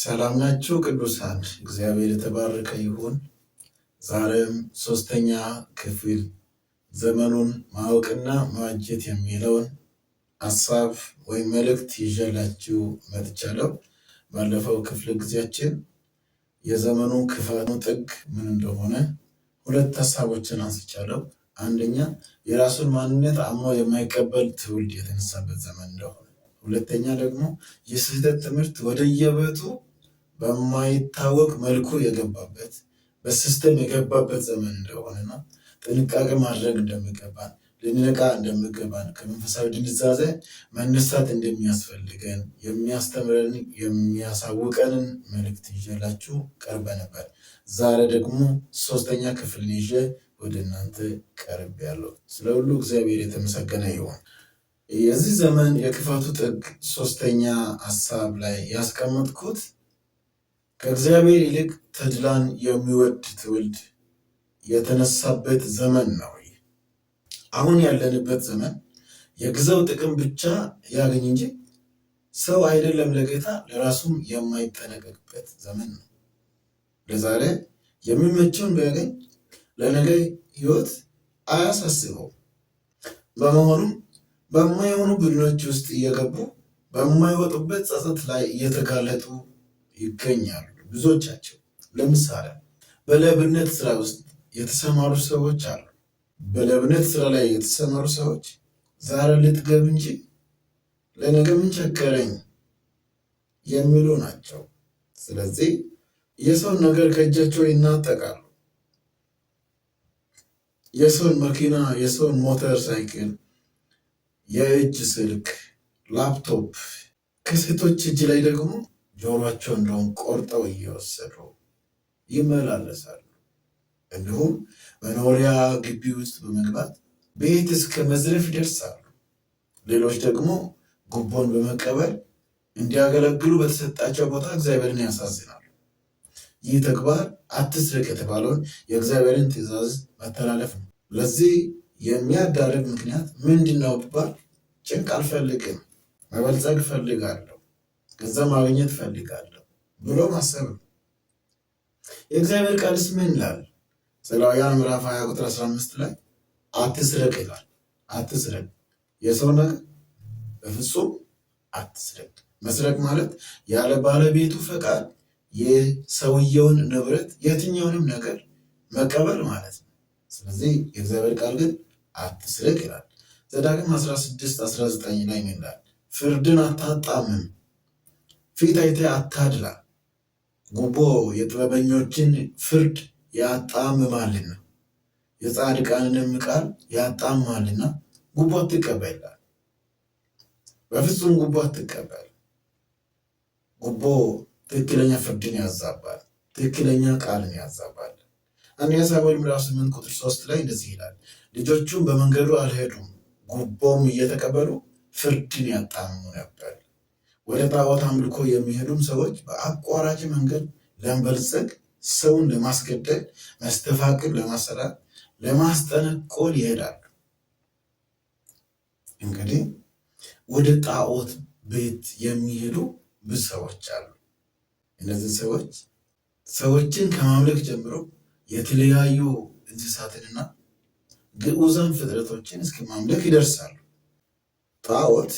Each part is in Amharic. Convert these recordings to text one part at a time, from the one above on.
ሰላም ናችሁ ቅዱሳን፣ እግዚአብሔር የተባረከ ይሁን። ዛሬም ሶስተኛ ክፍል ዘመኑን ማወቅና መዋጀት የሚለውን ሀሳብ ወይም መልእክት ይዤላችሁ መጥቻለሁ። ባለፈው ክፍለ ጊዜያችን የዘመኑ ክፋኑ ጥግ ምን እንደሆነ ሁለት ሀሳቦችን አንስቻለሁ። አንደኛ የራሱን ማንነት አሞ የማይቀበል ትውልድ የተነሳበት ዘመን እንደሆነ፣ ሁለተኛ ደግሞ የስህተት ትምህርት ወደየቤቱ በማይታወቅ መልኩ የገባበት በሲስተም የገባበት ዘመን እንደሆነና ጥንቃቄ ማድረግ እንደሚገባን ልንነቃ እንደሚገባን ከመንፈሳዊ ድንዛዜ መነሳት እንደሚያስፈልገን የሚያስተምረን የሚያሳውቀንን መልእክት ይዤላችሁ ቀርበ ነበር። ዛሬ ደግሞ ሶስተኛ ክፍል ይዤ ወደ እናንተ ቀርብ ያለው ስለ ሁሉ እግዚአብሔር የተመሰገነ ይሆን። የዚህ ዘመን የክፋቱ ጥግ ሶስተኛ ሀሳብ ላይ ያስቀመጥኩት ከእግዚአብሔር ይልቅ ተድላን የሚወድ ትውልድ የተነሳበት ዘመን ነው። አሁን ያለንበት ዘመን የግዘው ጥቅም ብቻ ያገኝ እንጂ ሰው አይደለም ለጌታ ለራሱም የማይጠነቀቅበት ዘመን ነው። ለዛሬ የሚመቸውን ቢያገኝ ለነገ ህይወት አያሳስበው። በመሆኑም በማይሆኑ ቡድኖች ውስጥ እየገቡ በማይወጡበት ጸጸት ላይ እየተጋለጡ ይገኛሉ። ብዙዎቻቸው ለምሳሌ በለብነት ስራ ውስጥ የተሰማሩ ሰዎች አሉ። በለብነት ስራ ላይ የተሰማሩ ሰዎች ዛሬ ልትገብ እንጂ ለነገ ምን ቸገረኝ የሚሉ ናቸው። ስለዚህ የሰውን ነገር ከእጃቸው ይናጠቃሉ። የሰውን መኪና፣ የሰውን ሞተር ሳይክል፣ የእጅ ስልክ፣ ላፕቶፕ ከሴቶች እጅ ላይ ደግሞ ጆሮቸው እንደውም ቆርጠው እየወሰዱ ይመላለሳሉ። እንዲሁም መኖሪያ ግቢ ውስጥ በመግባት ቤት እስከ መዝረፍ ይደርሳሉ። ሌሎች ደግሞ ጉቦን በመቀበል እንዲያገለግሉ በተሰጣቸው ቦታ እግዚአብሔርን ያሳዝናሉ። ይህ ተግባር አትስረቅ የተባለውን የእግዚአብሔርን ትእዛዝ መተላለፍ ነው። ለዚህ የሚያዳርግ ምክንያት ምንድን ነው ቢባል ጭንቅ አልፈልግም፣ መበልጸግ እፈልጋለሁ ከዛ ማግኘት ፈልጋለሁ ብሎ ማሰብ ነው። የእግዚአብሔር ቃልስ ምን ይላል? ዕብራውያን ምዕራፍ 20 ቁጥር 15 ላይ አትስረቅ ይላል። አትስረቅ የሰው ነገር በፍጹም አትስረቅ። መስረቅ ማለት ያለ ባለቤቱ ፈቃድ የሰውየውን ንብረት የትኛውንም ነገር መቀበል ማለት ነው። ስለዚህ የእግዚአብሔር ቃል ግን አትስረቅ ይላል። ዘዳግም 16 19 ላይ ይላል ፍርድን አታጣምም ፊት አይተህ አታድላ፣ ጉቦ የጥበበኞችን ፍርድ ያጣምማልና የጻድቃንንም ቃል ያጣምማልና ጉቦ አትቀበል በፍጹም ጉቦ አትቀበል። ጉቦ ትክክለኛ ፍርድን ያዛባል፣ ትክክለኛ ቃልን ያዛባል። አንደኛ ሳሙኤል ምዕራፍ ስምንት ቁጥር ሶስት ላይ እንደዚህ ይላል፣ ልጆቹም በመንገዱ አልሄዱም፣ ጉቦም እየተቀበሉ ፍርድን ያጣምሙ ነበር። ወደ ጣዖት አምልኮ የሚሄዱም ሰዎች በአቋራጭ መንገድ ለመበልጸግ፣ ሰውን ለማስገደል፣ መስተፋቅር ለማሰራት፣ ለማስጠነቆል ይሄዳሉ። እንግዲህ ወደ ጣዖት ቤት የሚሄዱ ብዙ ሰዎች አሉ። እነዚህ ሰዎች ሰዎችን ከማምለክ ጀምሮ የተለያዩ እንስሳትንና ግዑዘን ፍጥረቶችን እስከ ማምለክ ይደርሳሉ። ጣዖት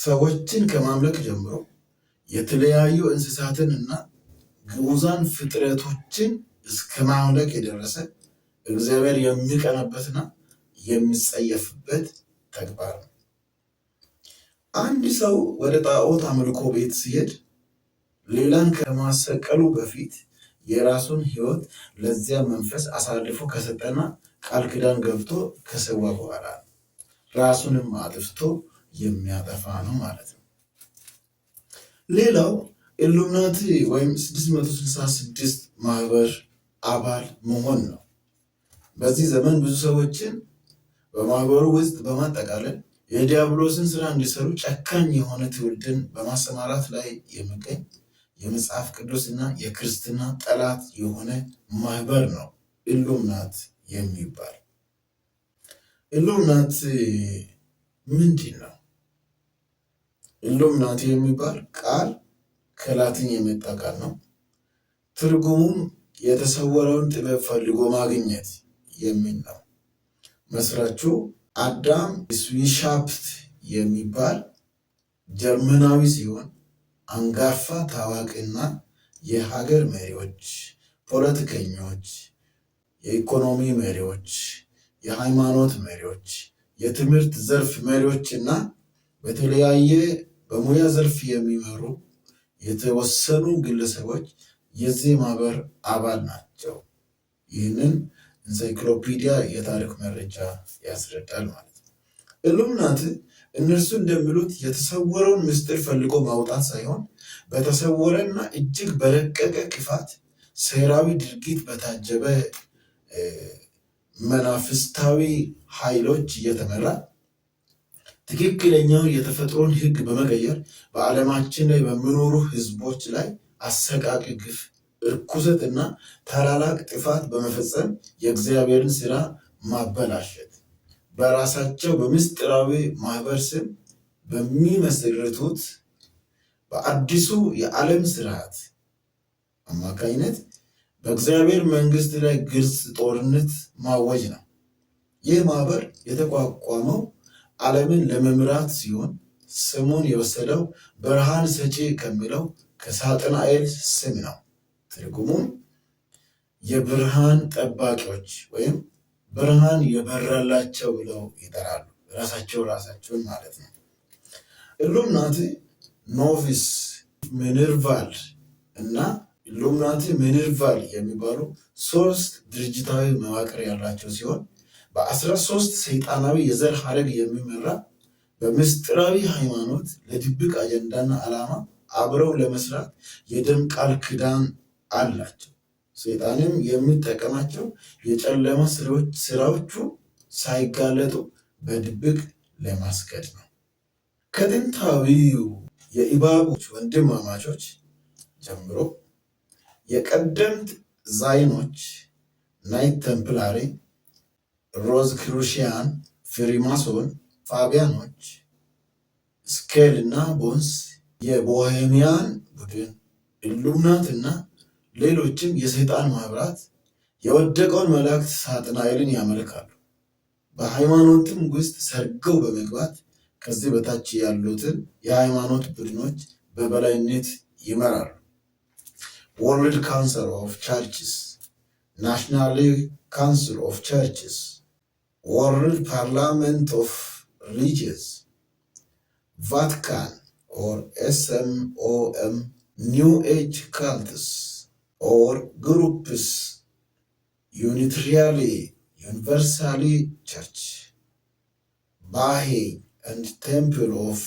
ሰዎችን ከማምለክ ጀምሮ የተለያዩ እንስሳትን እና ግዑዛን ፍጥረቶችን እስከ ማምለክ የደረሰ እግዚአብሔር የሚቀናበትና የሚጸየፍበት ተግባር ነው። አንድ ሰው ወደ ጣዖት አምልኮ ቤት ሲሄድ ሌላን ከማሰቀሉ በፊት የራሱን ሕይወት ለዚያ መንፈስ አሳልፎ ከሰጠና ቃል ኪዳን ገብቶ ከሰዋ በኋላ ራሱንም አጥፍቶ የሚያጠፋ ነው ማለት ነው። ሌላው ኢሉሚናቲ ወይም 666 ማህበር አባል መሆን ነው። በዚህ ዘመን ብዙ ሰዎችን በማህበሩ ውስጥ በማጠቃለል የዲያብሎስን ስራ እንዲሰሩ ጨካኝ የሆነ ትውልድን በማሰማራት ላይ የሚገኝ የመጽሐፍ ቅዱስና የክርስትና ጠላት የሆነ ማህበር ነው ኢሉምናት የሚባል። ኢሉምናት ምንድን ነው? ኢሉሚናቲ የሚባል ቃል ከላቲን የመጣ ቃል ነው። ትርጉሙም የተሰወረውን ጥበብ ፈልጎ ማግኘት የሚል ነው። መስራቹ አዳም ስዊሻፕት የሚባል ጀርመናዊ ሲሆን አንጋፋ ታዋቂና የሀገር መሪዎች፣ ፖለቲከኞች፣ የኢኮኖሚ መሪዎች፣ የሃይማኖት መሪዎች፣ የትምህርት ዘርፍ መሪዎች እና በተለያየ በሙያ ዘርፍ የሚመሩ የተወሰኑ ግለሰቦች የዚህ ማህበር አባል ናቸው። ይህንን ኢንሳይክሎፒዲያ የታሪክ መረጃ ያስረዳል ማለት ነው። እሉምናት እነርሱ እንደሚሉት የተሰወረውን ምስጢር ፈልጎ ማውጣት ሳይሆን በተሰወረና እጅግ በረቀቀ ክፋት ሴራዊ ድርጊት በታጀበ መናፍስታዊ ኃይሎች እየተመራ ትክክለኛው የተፈጥሮን ህግ በመቀየር በዓለማችን ላይ በሚኖሩ ህዝቦች ላይ አሰቃቂ ግፍ፣ እርኩሰት እና ታላላቅ ጥፋት በመፈጸም የእግዚአብሔርን ስራ ማበላሸት በራሳቸው በምስጢራዊ ማህበር ስም በሚመሰርቱት በአዲሱ የዓለም ስርዓት አማካኝነት በእግዚአብሔር መንግስት ላይ ግልጽ ጦርነት ማወጅ ነው። ይህ ማህበር የተቋቋመው ዓለምን ለመምራት ሲሆን ስሙን የወሰደው ብርሃን ሰጪ ከሚለው ከሳጥናኤል ስም ነው። ትርጉሙም የብርሃን ጠባቂዎች ወይም ብርሃን የበራላቸው ብለው ይጠራሉ። ራሳቸው ራሳቸውን ማለት ነው። ኢሉምናቲ ኖቪስ ሚኒርቫል እና ኢሉምናቲ ሚኒርቫል የሚባሉ ሶስት ድርጅታዊ መዋቅር ያላቸው ሲሆን በአስራ ሶስት ሰይጣናዊ የዘር ሀረግ የሚመራ በምስጢራዊ ሃይማኖት ለድብቅ አጀንዳና ዓላማ አብረው ለመስራት የደም ቃል ክዳን አላቸው። ሰይጣንም የሚጠቀማቸው የጨለማ ስራዎቹ ሳይጋለጡ በድብቅ ለማስገድ ነው። ከጥንታዊው የኢባቦች ወንድማማቾች ጀምሮ የቀደምት ዛይኖች ናይት ተምፕላሬ ሮዝ ክሩሽያን ፍሪማሶን፣ ፋቢያኖች፣ ስኬል እና ቦንስ፣ የቦሄሚያን ቡድን፣ እና ሌሎችም የሰይጣን ማህበራት የወደቀውን መላእክት ሳጥናኤልን ያመልካሉ። በሃይማኖትም ውስጥ ሰርገው በመግባት ከዚህ በታች ያሉትን የሃይማኖት ቡድኖች በበላይነት ይመራሉ። ወርልድ ካውንስል ኦፍ ቸርችስ ናሽናል ካውንስል ኦፍ ቸርችስ World Parliament of Religions, Vatican or SMOM, New Age cults or groups, Unitarily Universally Church, Baha'i and Temple of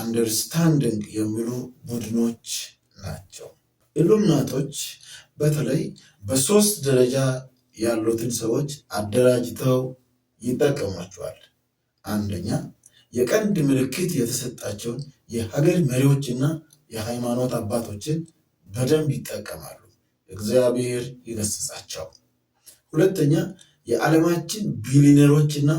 አንደርስታንዲንግ የሚሉ ቡድኖች ናቸው። ኢሉምናቶች በተለይ በሶስት ደረጃ ያሉትን ሰዎች አደራጅተው ይጠቀሟቸዋል። አንደኛ የቀንድ ምልክት የተሰጣቸውን የሀገር መሪዎችና የሃይማኖት አባቶችን በደንብ ይጠቀማሉ። እግዚአብሔር ይገስጻቸው። ሁለተኛ የዓለማችን ቢሊነሮችና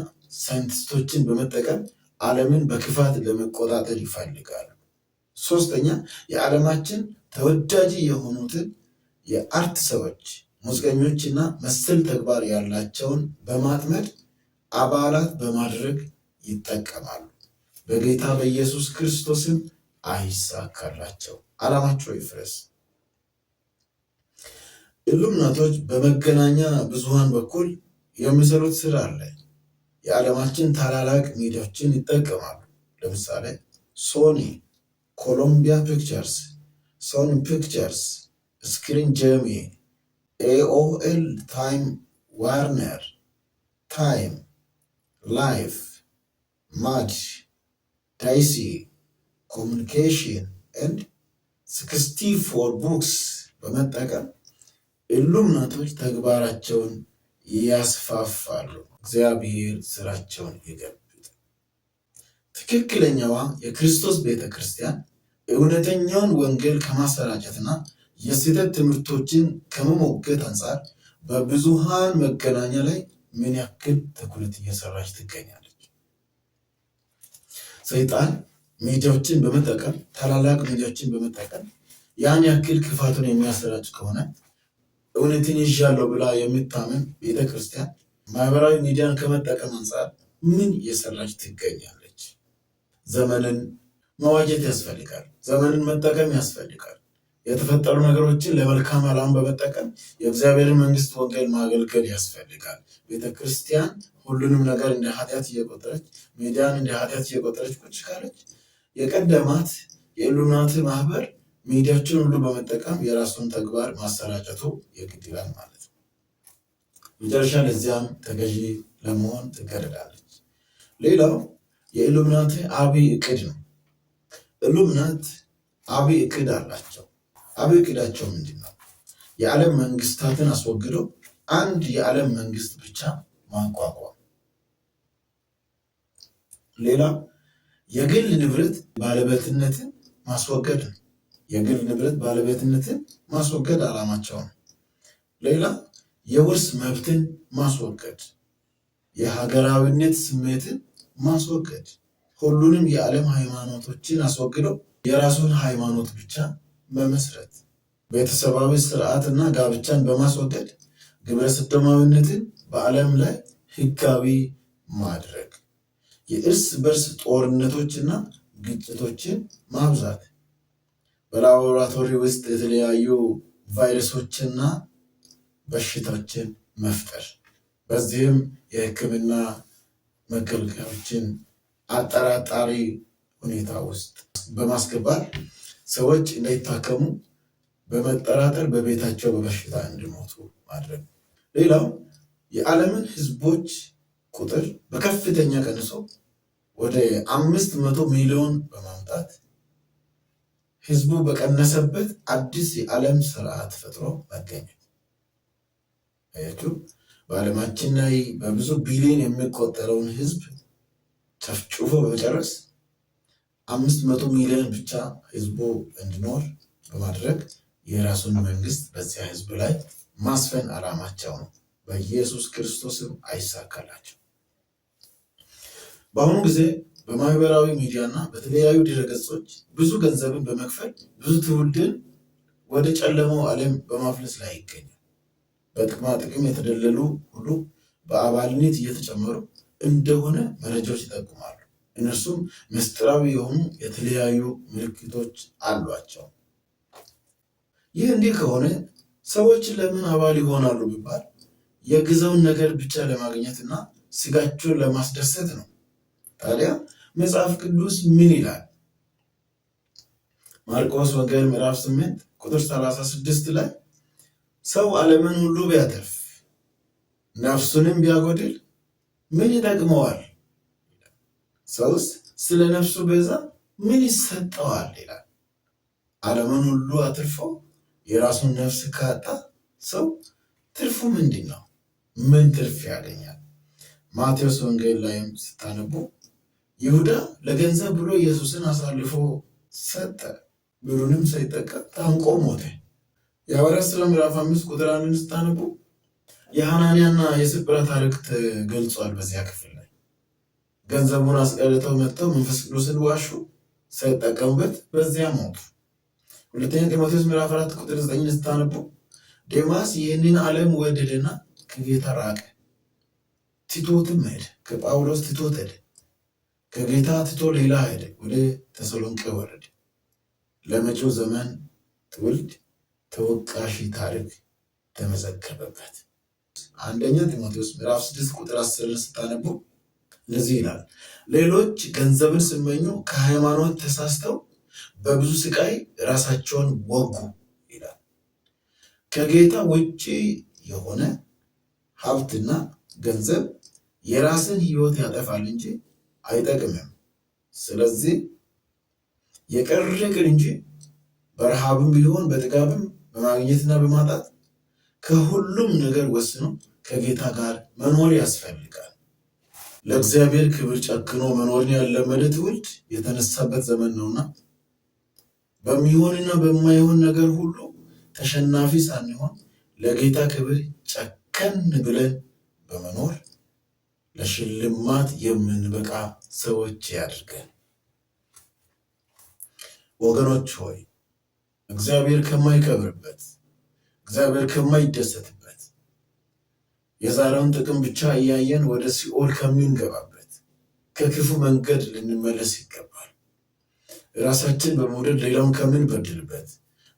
ሳይንቲስቶችን በመጠቀም ዓለምን በክፋት ለመቆጣጠር ይፈልጋሉ። ሶስተኛ የዓለማችን ተወዳጅ የሆኑትን የአርት ሰዎች ሙዝቀኞችና መሰል ተግባር ያላቸውን በማጥመድ አባላት በማድረግ ይጠቀማሉ። በጌታ በኢየሱስ ክርስቶስም አይሳካላቸው። አላማቸው ይፍረስ። እልምናቶች በመገናኛ ብዙሃን በኩል የሚሰሩት ስራ አለ። የዓለማችን ታላላቅ ሚዲያዎችን ይጠቀማሉ። ለምሳሌ ሶኒ፣ ኮሎምቢያ ፒክቸርስ፣ ሶኒ ፒክቸርስ፣ ስክሪን ጀሚ ኤኦኤል ታይም ዋርነር ታይም ላይፍ ማች ዳይሲ ኮሚኒኬሽን ኤንድ ስክስቲ ፎር ቡክስ በመጠቀም ኢሉሚናቶች ተግባራቸውን ያስፋፋሉ። እግዚአብሔር ስራቸውን ይገለጥ። ትክክለኛዋ የክርስቶስ ቤተ ክርስቲያን እውነተኛውን ወንጌል ከማሰራጨትና የስህተት ትምህርቶችን ከመሞገት አንጻር በብዙሃን መገናኛ ላይ ምን ያክል ትኩረት እየሰራች ትገኛለች? ሰይጣን ሚዲያዎችን በመጠቀም ታላላቅ ሚዲያዎችን በመጠቀም ያን ያክል ክፋቱን የሚያሰራጭ ከሆነ እውነትን ይዣለሁ ብላ የምታምን ቤተክርስቲያን ማህበራዊ ሚዲያን ከመጠቀም አንጻር ምን እየሰራች ትገኛለች? ዘመንን መዋጀት ያስፈልጋል። ዘመንን መጠቀም ያስፈልጋል። የተፈጠሩ ነገሮችን ለመልካም ዓላማ በመጠቀም የእግዚአብሔር መንግስት ወንጌል ማገልገል ያስፈልጋል። ቤተ ክርስቲያን ሁሉንም ነገር እንደ ኃጢአት እየቆጠረች ሚዲያን እንደ ኃጢአት እየቆጠረች ቁጭ ካለች የቀደማት የሉናት ማህበር ሚዲያችን ሁሉ በመጠቀም የራሱን ተግባር ማሰራጨቱ የግድ ይላል ማለት ነው። መጨረሻ ለዚያም ተገዢ ለመሆን ትገደዳለች። ሌላው የኢሉምናት አብይ እቅድ ነው። ኢሉምናት አብይ እቅድ አላቸው። አብይ ዕቅዳቸው ምንድን ነው? የዓለም መንግስታትን አስወግደው አንድ የዓለም መንግስት ብቻ ማቋቋም። ሌላ የግል ንብረት ባለቤትነትን ማስወገድ ነው። የግል ንብረት ባለቤትነትን ማስወገድ አላማቸው ነው። ሌላ የውርስ መብትን ማስወገድ፣ የሀገራዊነት ስሜትን ማስወገድ፣ ሁሉንም የዓለም ሃይማኖቶችን አስወግደው የራሱን ሃይማኖት ብቻ መመስረት ቤተሰባዊ ስርዓትና ጋብቻን በማስወገድ ግብረ ስደማዊነትን በዓለም ላይ ህጋዊ ማድረግ፣ የእርስ በርስ ጦርነቶችና ግጭቶችን ማብዛት፣ በላቦራቶሪ ውስጥ የተለያዩ ቫይረሶችና በሽታዎችን መፍጠር፣ በዚህም የህክምና መገልገያዎችን አጠራጣሪ ሁኔታ ውስጥ በማስገባት ሰዎች እንዳይታከሙ በመጠራጠር በቤታቸው በበሽታ እንዲሞቱ ማድረግ። ሌላው የዓለምን ህዝቦች ቁጥር በከፍተኛ ቀንሶ ወደ አምስት መቶ ሚሊዮን በማምጣት ህዝቡ በቀነሰበት አዲስ የዓለም ስርዓት ፈጥሮ መገኘት። አያችሁ፣ በዓለማችን ላይ በብዙ ቢሊዮን የሚቆጠረውን ህዝብ ጨፍጭፎ በመጨረስ አምስት መቶ ሚሊዮን ብቻ ህዝቡ እንዲኖር በማድረግ የራሱን መንግስት በዚያ ህዝብ ላይ ማስፈን አላማቸው ነው። በኢየሱስ ክርስቶስም አይሳካላቸው። በአሁኑ ጊዜ በማህበራዊ ሚዲያና በተለያዩ ድረገጾች ብዙ ገንዘብን በመክፈል ብዙ ትውልድን ወደ ጨለመው ዓለም በማፍለስ ላይ ይገኛል። በጥቅማ ጥቅም የተደለሉ ሁሉ በአባልነት እየተጨመሩ እንደሆነ መረጃዎች ይጠቁማሉ። እነርሱም ምስጢራዊ የሆኑ የተለያዩ ምልክቶች አሏቸው። ይህ እንዲህ ከሆነ ሰዎች ለምን አባል ይሆናሉ ቢባል የግዘውን ነገር ብቻ ለማግኘት እና ስጋቸውን ለማስደሰት ነው። ታዲያ መጽሐፍ ቅዱስ ምን ይላል? ማርቆስ ወንጌል ምዕራፍ 8 ቁጥር 36 ላይ ሰው ዓለምን ሁሉ ቢያተርፍ ነፍሱንም ቢያጎድል ምን ይጠቅመዋል? ሰውስ ስለ ነፍሱ ቤዛ ምን ይሰጠዋል ይላል። ዓለምን ሁሉ አትርፎ የራሱን ነፍስ ካጣ ሰው ትርፉ ምንድን ነው? ምን ትርፍ ያገኛል? ማቴዎስ ወንጌል ላይም ስታነቡ ይሁዳ ለገንዘብ ብሎ ኢየሱስን አሳልፎ ሰጠ፣ ብሩንም ሳይጠቀም ታንቆ ሞተ። የሐዋርያት ሥራ ምዕራፍ አምስት ቁጥር አንድን ስታነቡ የሐናንያና የስብራ ታሪክ ገልጿል። በዚያ ክፍል ገንዘቡን አስቀርተው መጥተው መንፈስ ቅዱስን ዋሹ፣ ሳይጠቀሙበት በዚያ ሞቱ። ሁለተኛ ጢሞቴዎስ ምዕራፍ አራት ቁጥር ዘጠኝ ስታነቡ ዴማስ ይህንን ዓለም ወደደና ከጌታ ራቀ፣ ቲቶትም ሄደ። ከጳውሎስ ቲቶት ሄደ፣ ከጌታ ትቶ ሌላ ሄደ፣ ወደ ተሰሎንቄ ወረደ። ለመጪው ዘመን ትውልድ ተወቃሽ ታሪክ ተመዘገበበት። አንደኛ ጢሞቴዎስ ምዕራፍ ስድስት ቁጥር አስር ስታነቡ ለዚህ ይላል ሌሎች ገንዘብን ስመኙ ከሃይማኖት ተሳስተው በብዙ ስቃይ ራሳቸውን ወጉ ይላል። ከጌታ ውጭ የሆነ ሀብትና ገንዘብ የራስን ህይወት ያጠፋል እንጂ አይጠቅምም። ስለዚህ የቀረ እንጂ በረሃብም ቢሆን በጥጋብም በማግኘትና በማጣት ከሁሉም ነገር ወስኖ ከጌታ ጋር መኖር ያስፈልጋል። ለእግዚአብሔር ክብር ጨክኖ መኖርን ያለመደ ትውልድ የተነሳበት ዘመን ነውና በሚሆንና በማይሆን ነገር ሁሉ ተሸናፊ ሳንሆን ለጌታ ክብር ጨከን ብለን በመኖር ለሽልማት የምንበቃ ሰዎች ያድርገን። ወገኖች ሆይ እግዚአብሔር ከማይከብርበት፣ እግዚአብሔር ከማይደሰትበት የዛሬውን ጥቅም ብቻ እያየን ወደ ሲኦል ከምንገባበት ከክፉ መንገድ ልንመለስ ይገባል። ራሳችን በመውደድ ሌላውን ከምንበድልበት፣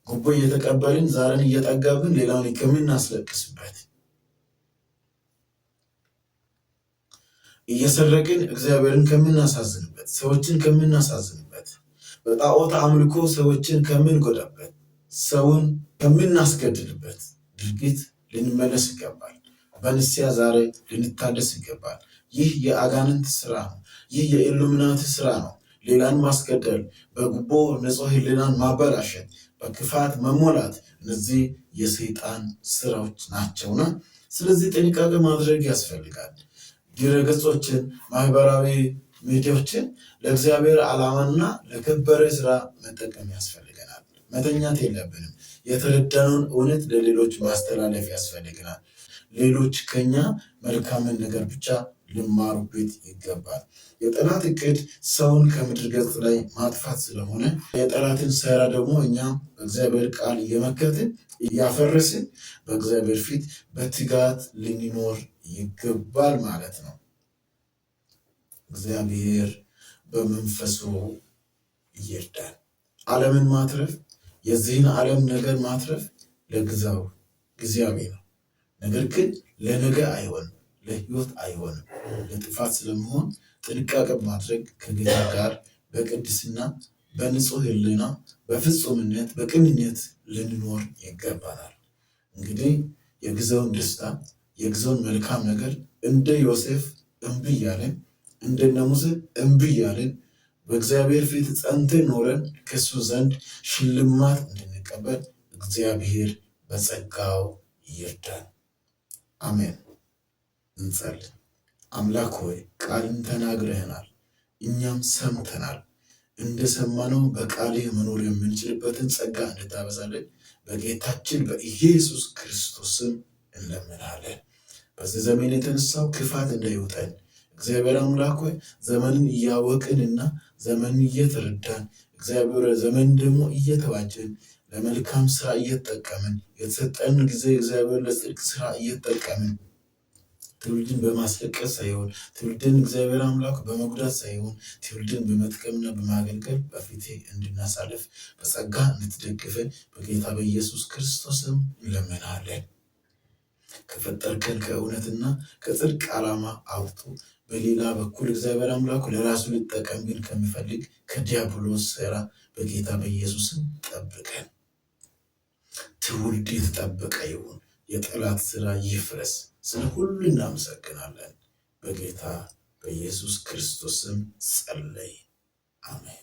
ጉቦ እየተቀበልን ዛሬን እየጠገብን ሌላውን ከምናስለቅስበት፣ እየሰረቅን እግዚአብሔርን ከምናሳዝንበት፣ ሰዎችን ከምናሳዝንበት፣ በጣዖት አምልኮ ሰዎችን ከምንጎዳበት፣ ሰውን ከምናስገድልበት ድርጊት ልንመለስ ይገባል። በንስያ ዛሬ ልንታደስ ይገባል። ይህ የአጋንንት ስራ ነው። ይህ የኢሉሚናቲ ስራ ነው። ሌላን ማስገደል፣ በጉቦ ንጹሕ ሕሊናን ማበላሸት፣ በክፋት መሞላት፣ እነዚህ የሰይጣን ስራዎች ናቸውና ስለዚህ ጥንቃቄ ማድረግ ያስፈልጋል። ድረገጾችን፣ ማህበራዊ ሚዲያዎችን ለእግዚአብሔር ዓላማና ለከበረ ስራ መጠቀም ያስፈልገናል። መተኛት የለብንም። የተረዳነውን እውነት ለሌሎች ማስተላለፍ ያስፈልግናል። ሌሎች ከኛ መልካምን ነገር ብቻ ልማሩበት ይገባል። የጠላት እቅድ ሰውን ከምድር ገጽ ላይ ማጥፋት ስለሆነ የጠላትን ሥራ ደግሞ እኛ በእግዚአብሔር ቃል እየመከትን እያፈረስን በእግዚአብሔር ፊት በትጋት ልንኖር ይገባል ማለት ነው። እግዚአብሔር በመንፈሱ ይርዳል። ዓለምን ማትረፍ የዚህን ዓለም ነገር ማትረፍ ለግዛው ጊዜያዊ ነው። ነገር ግን ለነገ አይሆንም፣ ለህይወት አይሆንም፣ ለጥፋት ስለመሆን ጥንቃቄ ማድረግ ከጌታ ጋር በቅድስና በንጹህ ህልና በፍጹምነት በቅንነት ልንኖር ይገባናል። እንግዲህ የጊዜውን ደስታ የጊዜውን መልካም ነገር እንደ ዮሴፍ እምቢ እያለን እንደነ ሙሴ እምቢ እያለን በእግዚአብሔር ፊት ጸንተን ኖረን ከሱ ዘንድ ሽልማት እንድንቀበል እግዚአብሔር በጸጋው ይርዳል። አሜን። እንጸል አምላክ ሆይ ቃልን ተናግረህናል፣ እኛም ሰምተናል። እንደሰማነው በቃልህ መኖር የምንችልበትን ጸጋ እንድታበዛለን በጌታችን በኢየሱስ ክርስቶስ ስም እንለምናለን። በዚህ ዘመን የተነሳው ክፋት እንዳይወጠን እግዚአብሔር አምላክ ሆይ ዘመንን እያወቅንና ዘመንን እየተረዳን እግዚአብሔር ዘመን ደግሞ እየተዋጀን ለመልካም ስራ እየተጠቀምን የተሰጠን ጊዜ እግዚአብሔር ለጽድቅ ስራ እየተጠቀምን ትውልድን በማስለቀስ ሳይሆን ትውልድን እግዚአብሔር አምላክ በመጉዳት ሳይሆን ትውልድን በመጥቀምና በማገልገል በፊቴ እንድናሳልፍ በጸጋ እንድትደግፈን በጌታ በኢየሱስ ክርስቶስም እንለምናለን። ከፈጠርከን ከእውነትና ከጽድቅ ዓላማ አውጡ። በሌላ በኩል እግዚአብሔር አምላኩ ለራሱ ሊጠቀም ግን ከሚፈልግ ከዲያብሎስ ሥራ በጌታ በኢየሱስም ጠብቀን። ትውልድ የተጠበቀ ይሁን። የጠላት ስራ ይፍረስ። ስለ ሁሉ እናመሰግናለን። በጌታ በኢየሱስ ክርስቶስም ጸለይ፣ አሜን።